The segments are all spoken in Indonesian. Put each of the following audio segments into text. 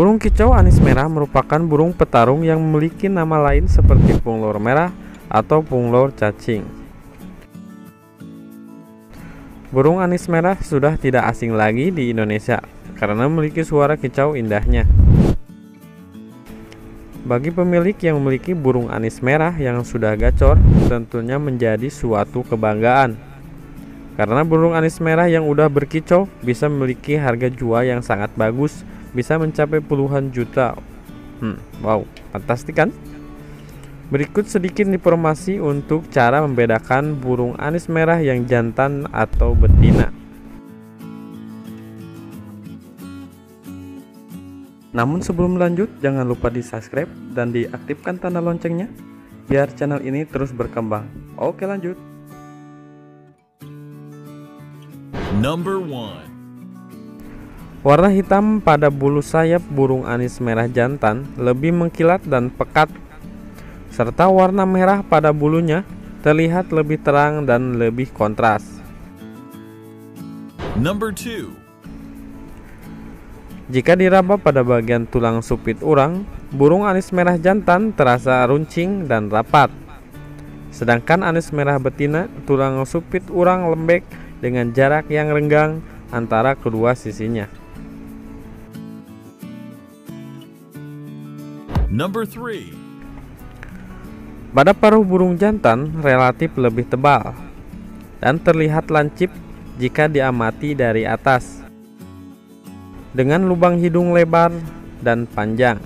Burung kicau anis merah merupakan burung petarung yang memiliki nama lain seperti punglor merah atau punglor cacing. Burung anis merah sudah tidak asing lagi di Indonesia karena memiliki suara kicau indahnya. Bagi pemilik yang memiliki burung anis merah yang sudah gacor, tentunya menjadi suatu kebanggaan. Karena burung anis merah yang udah berkicau bisa memiliki harga jual yang sangat bagus bisa mencapai puluhan juta. Hmm, wow, fantastik kan? Berikut sedikit informasi untuk cara membedakan burung anis merah yang jantan atau betina. Namun sebelum lanjut, jangan lupa di subscribe dan diaktifkan tanda loncengnya biar channel ini terus berkembang. Oke lanjut. Number one. Warna hitam pada bulu sayap burung anis merah jantan lebih mengkilat dan pekat, serta warna merah pada bulunya terlihat lebih terang dan lebih kontras. Number two. Jika diraba pada bagian tulang supit urang, burung anis merah jantan terasa runcing dan rapat. Sedangkan anis merah betina, tulang supit urang lembek dengan jarak yang renggang antara kedua sisinya. Number three. Pada paruh burung jantan relatif lebih tebal dan terlihat lancip jika diamati dari atas dengan lubang hidung lebar dan panjang.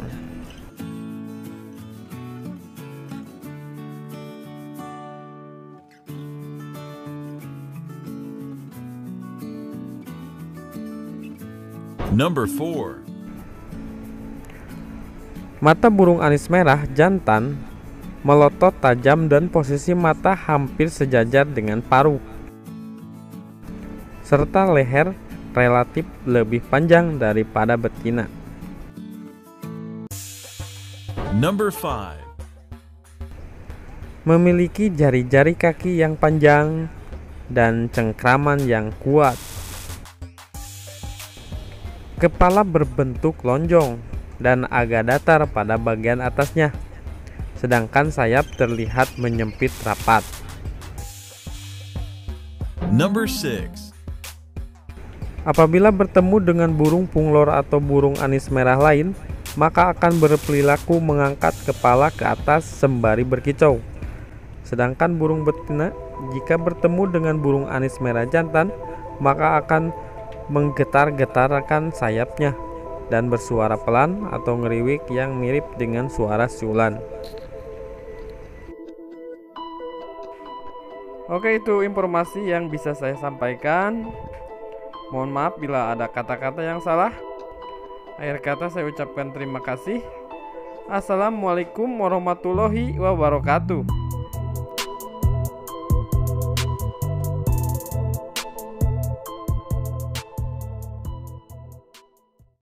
Number 4 Mata burung anis merah jantan melotot tajam dan posisi mata hampir sejajar dengan paru. Serta leher relatif lebih panjang daripada betina. Number 5 Memiliki jari-jari kaki yang panjang dan cengkraman yang kuat. Kepala berbentuk lonjong dan agak datar pada bagian atasnya, sedangkan sayap terlihat menyempit rapat. Number six. Apabila bertemu dengan burung punglor atau burung anis merah lain, maka akan berperilaku mengangkat kepala ke atas sembari berkicau. Sedangkan burung betina jika bertemu dengan burung anis merah jantan, maka akan menggetar-getarkan sayapnya dan bersuara pelan atau ngeriwik yang mirip dengan suara siulan. Oke, itu informasi yang bisa saya sampaikan. Mohon maaf bila ada kata-kata yang salah. Akhir kata saya ucapkan terima kasih. Assalamualaikum warahmatullahi wabarakatuh.